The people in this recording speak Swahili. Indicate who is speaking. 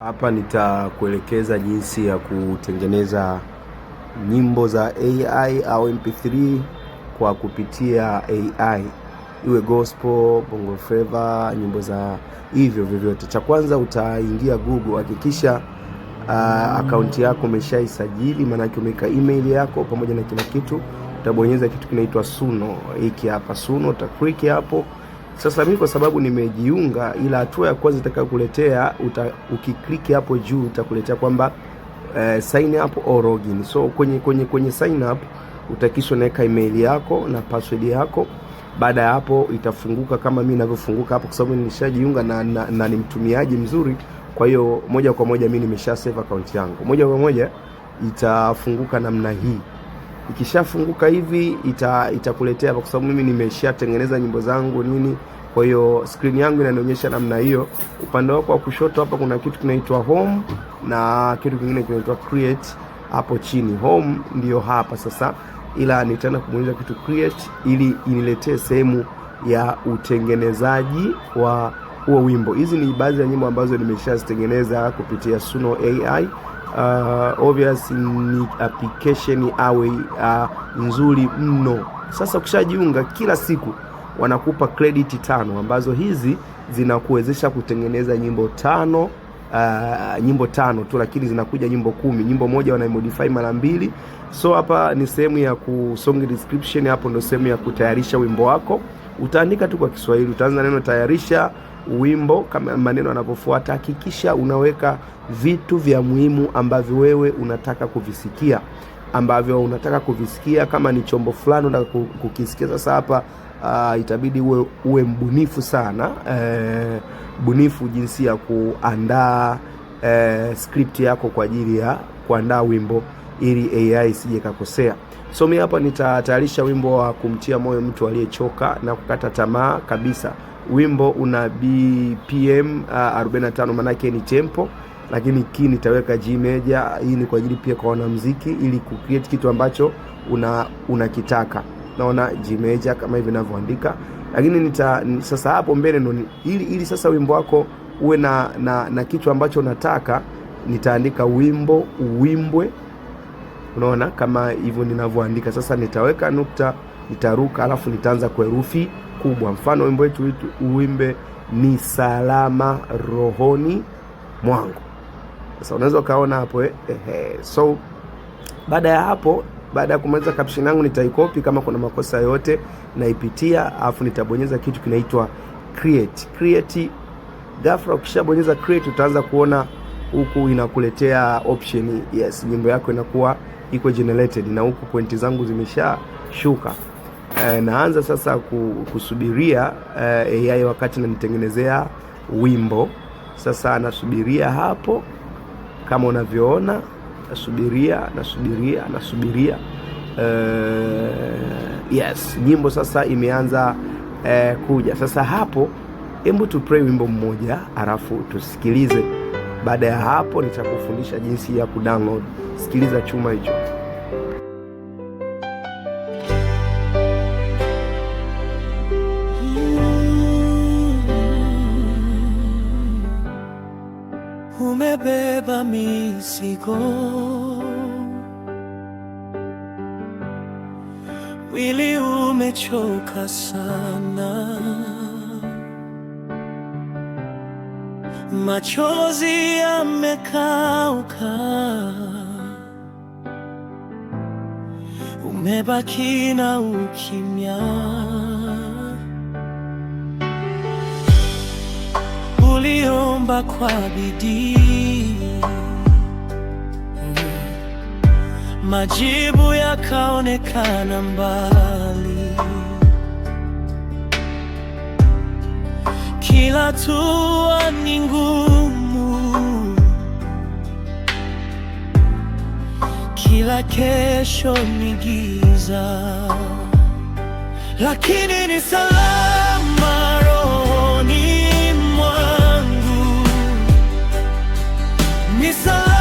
Speaker 1: Hapa nitakuelekeza jinsi ya kutengeneza nyimbo za AI au MP3 kwa kupitia AI, iwe gospel, bongo flava, nyimbo za hivyo vyovyote. Cha kwanza utaingia Google, hakikisha uh, akaunti yako umeshaisajili, maanake umeweka email yako pamoja na kila kitu. Utabonyeza kitu kinaitwa Suno, hiki hapa Suno, utaklik hapo. Sasa mimi kwa sababu nimejiunga, ila hatua ya kwanza itakayokuletea ukikliki hapo juu itakuletea kwamba eh, sign up or login. So kwenye kwenye kwenye sign up utakisha naweka email yako na password yako. Baada ya hapo itafunguka kama mimi ninavyofunguka hapo, kwa sababu nilishajiunga na, na, na ni mtumiaji mzuri. Kwa hiyo moja kwa moja mimi nimesha save account yangu, moja kwa moja itafunguka namna hii ikishafunguka hivi ita itakuletea hapa, kwa sababu mimi nimeshatengeneza nyimbo zangu nini. Kwa hiyo screen yangu inanionyesha namna hiyo. Upande wako wa kushoto hapa kuna kitu kinaitwa home na kitu kingine kinaitwa create hapo chini. Home ndiyo hapa sasa, ila nitaenda kubonyeza kitu create ili iniletee sehemu ya utengenezaji wa huo wimbo. Hizi ni baadhi ya nyimbo ambazo nimeshazitengeneza kupitia Suno AI uh, obvious ni application awe uh, nzuri mno. Sasa ukishajiunga kila siku wanakupa credit tano ambazo hizi zinakuwezesha kutengeneza nyimbo tano Uh, nyimbo tano tu lakini zinakuja nyimbo kumi. Nyimbo moja wanaimodify mara mbili, so hapa ni sehemu ya ku song description. Hapo ndo sehemu ya kutayarisha wimbo wako. Utaandika tu kwa Kiswahili, utaanza neno tayarisha wimbo kama maneno yanavyofuata. Hakikisha unaweka vitu vya muhimu ambavyo wewe unataka kuvisikia, ambavyo unataka kuvisikia. Kama ni chombo fulani unataka kukisikia sasa hapa, uh, itabidi uwe, uwe mbunifu sana eh, bunifu jinsi ya kuandaa eh, script yako kwa ajili ya kuandaa wimbo ili AI isije kakosea. So mimi hapa nitatayarisha wimbo wa kumtia moyo mtu aliyechoka na kukata tamaa kabisa. Wimbo una BPM uh, 45 manake ni tempo, lakini ki nitaweka G major. Hii ni kwa ajili pia kwa wanamuziki, ili ku create kitu ambacho una unakitaka. Naona G major kama hivi ninavyoandika, lakini nita sasa hapo mbele ndo ili, ili sasa wimbo wako uwe na, na, na kitu ambacho unataka, nitaandika wimbo uwimbwe Unaona kama hivyo ninavyoandika sasa, nitaweka nukta, nitaruka, alafu nitaanza kwa herufi kubwa. Mfano wimbo wetu uimbe ni salama rohoni mwangu. Sasa unaweza ukaona hapo eh, eh. So baada ya hapo, baada ya kumaliza caption yangu nitaikopi, kama kuna makosa yote naipitia, alafu nitabonyeza kitu kinaitwa create. Create ghafla, ukishabonyeza create utaanza kuona huku inakuletea option yes, nyimbo yako inakuwa iko generated na huku pointi zangu zimeshashuka. E, naanza sasa kusubiria e, eh, AI wakati nanitengenezea wimbo sasa. Nasubiria hapo kama unavyoona, nasubiria nasubiria nasubiria. E, yes, nyimbo sasa imeanza e, kuja sasa hapo. Hebu tupray wimbo mmoja alafu tusikilize. Baada ya hapo, nitakufundisha jinsi ya kudownload. Sikiliza chuma hicho. Umebeba mizigo, mwili umechoka sana machozi yamekauka, umebaki na ukimya. Uliomba kwa bidii, majibu yakaonekana mbali. kila tua ni ngumu, kila kesho ni giza, lakini ni salama rohoni mwangu, ni salama